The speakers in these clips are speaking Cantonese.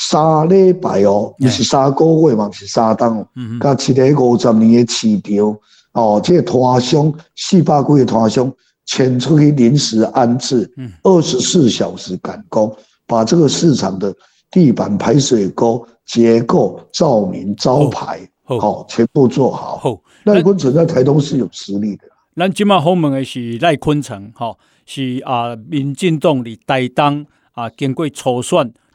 三禮拜哦，唔是三個月，唔是三黨哦，甲七點五十年嘅市場哦，即、這個拖箱四百個拖箱，遷出去臨時安置，二十四小時趕工，把這個市場的地板、排水溝、結構、照明、招牌，好、oh. 哦、全部做好。賴坤成在台東是有實力的。咱今天訪問的是賴坤成吼、哦，是啊民進黨嚟擔當啊經過初選。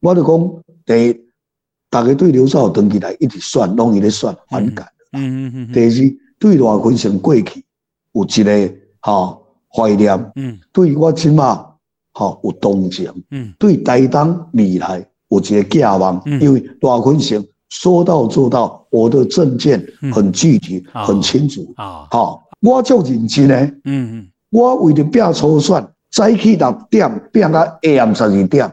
我就講，第一，大家對劉櫂豪佢哋一直算，攏喺度算、嗯、反感。第、嗯、二、嗯嗯嗯，對賴坤成過去有一個懷、哦、念、嗯。對我起碼哈有同情。嗯。對台東未來有一個寄望、嗯，因為賴坤成說到做到，我的政見很具體、嗯、很清楚。嗯好好哦、我足認真呢、嗯嗯？我為咗拚初選，早起六點，拚到下暗十二點。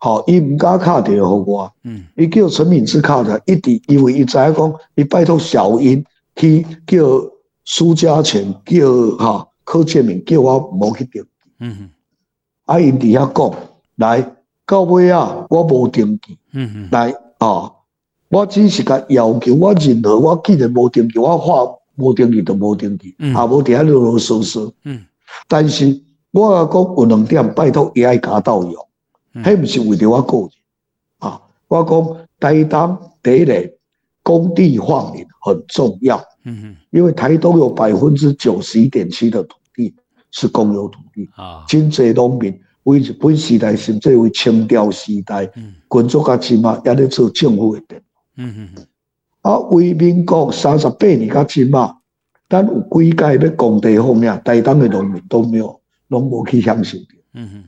哦，伊毋敢敲電話給我，伊、嗯、叫陳敏之敲嘅，一直因為伊知影講，伊拜託小英去叫蘇嘉全叫吓、啊、柯建銘叫我冇去到，嗯，啊伊佇遐講，來到尾啊我無登記，嗯嗯，來哦，我只是甲要求，我任何我既然無登記，我話無登記就無登記，嗯，啊無佇遐囉囉嗦嗦，嗯，但是我講有兩點拜託伊愛甲鬥用。佢唔係為咗我個人，啊，我講台東第一嚟公地放領很重要，嗯，因為台東有百分之九十一點七的土地是公有土地，啊，真多農民，為日本時代甚至為清朝時代，工、嗯、作加錢嘛，也要做政府嘅。嗯嗯嗯，啊，為民國三十八年加錢嘛，但有幾屆的公地放領台東的農民都沒有，攏冇去享受。嗯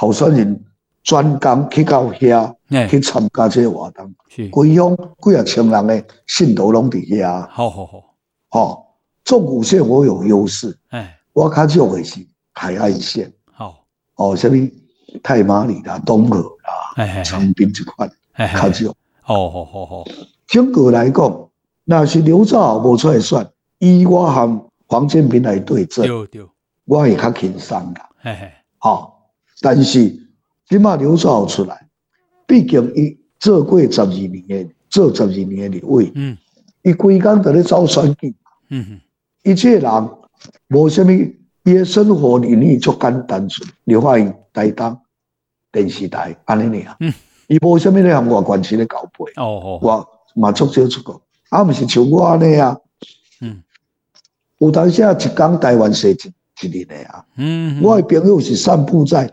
後生人專工去到遐去參加呢個活動，規、欸、鄉幾廿千人嘅信徒攏喺遐。好好好，哦，縱谷線我有優勢。唉、欸，我較少係海岸線。好，哦，什呢？太麻里啦東河啊，長濱呢塊較少。哦好好好，整個來講，嗱，是劉櫂豪冇出嚟算，以我和黃建平來對陣，對對，我也較輕鬆噶，吓、欸、吓，哦。但是起碼劉櫂豪出來，畢竟伊做過十二年嘅做十二年的立委嗯，伊規工在咧走選舉，嗯，一切、嗯、人無蝦米，伊、嗯、嘅生活理念足簡單，劉漢英台東電視台安尼㖏啊，伊無蝦米咧和外關係咧交陪，我嘛足少出國，啊唔是像我安呢啊，嗯，有當下一天台灣市一日嘅啊，我嘅朋友是散布在。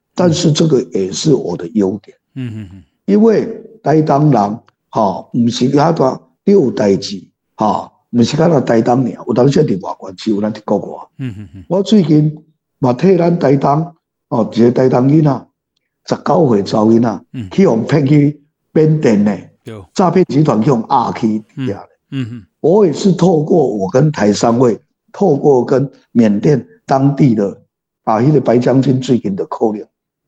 但是這個也是我的優點，嗯嗯嗯，因為台東人，哈唔是佢哋六代機，哈唔是佢哋台東人，哦、有啲人喺外國住，只有啲喺國外，嗯嗯嗯。我最近話替咱台東哦，即係台東人啊，十九歲招音啊，去幫騙去緬甸咧，有，詐騙集團去幫壓佢哋，嗯嗯。我也是透過我跟台商會透過跟緬甸當地的，啊，一、那個白將軍最近的扣留。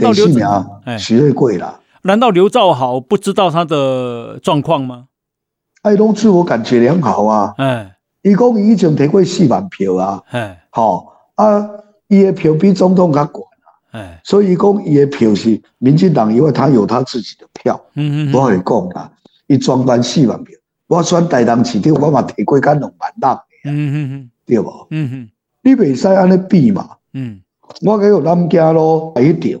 等四秒，哎、欸，瑞間過啦。難道劉櫂豪不知道他的狀況嗎？愛、啊、都自我感覺良好啊。嗯、欸，伊講佢以前得過四萬票啊。嗯、欸，好，啊，伊嘅票比總統較懸啊。哎、欸，所以伊講伊嘅票是民進黨，因為他有他自己的票。嗯嗯，我以講啊，佢裝滿四萬票，我選台東市長，我嘛得過一農班百嘅。嗯嗯嗯，對冇。嗯嗯，你唔使安尼比嘛。嗯，我喺我南疆咯，係一條。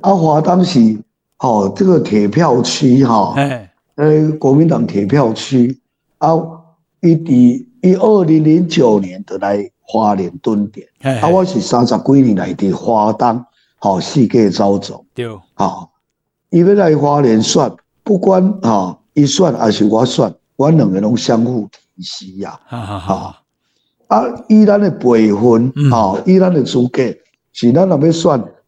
阿、啊、華當時，哦，這個鐵票區哈，誒、哦，國民黨鐵票區，啊，一啲一二零零九年就來花蓮蹲點嘿嘿，啊，我是三十幾年來啲花東，哦，四界走走，對，啊、哦，伊要來花蓮算，不管啊，一、哦、算還是我算，我兩個人攏相互依稀呀，啊啊，啊，依咱嘅輩分、嗯、哦，依咱嘅資格，是咱若要算。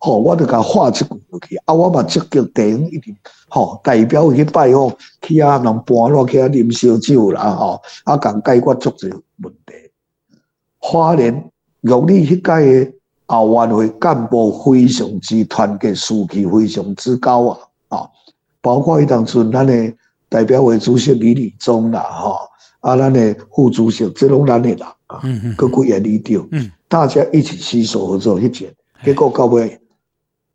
吼，我就甲話一句落去，啊，我咪積極一定吼代表去拜哦、oh，去啊 we，人搬落去啊，飲燒酒啦，吼啊，共解決咗隻問題，花蓮，玉你呢屆嘅奧運會幹部非常之團結，士氣非常之高啊，啊，包括一當陣，咱嘅代表會主席李立忠啦，吼啊，咱嘅副主席即係攏咱嘅人啦，players, on, 嗯嗯，佢固然喺度，嗯，大家一起攜手合作一件，結果到尾。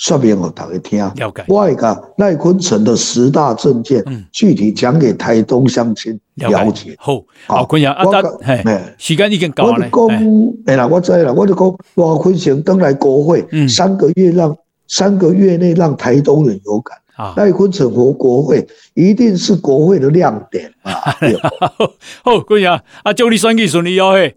順便我讀嚟聽，我係講賴坤成的十大政見，具體講給台東鄉親了，、嗯、了解。好，好君爺、哦，我個時間已經夠咧。我哋講，嚟啦，我知啦，我哋講賴坤成登來國會三、嗯，三個月讓三個月內讓台東人有感。賴、嗯、坤成和國會，一定是國會的亮點啊！好，君爺，阿、啊、祝你選舉順利，好嘿。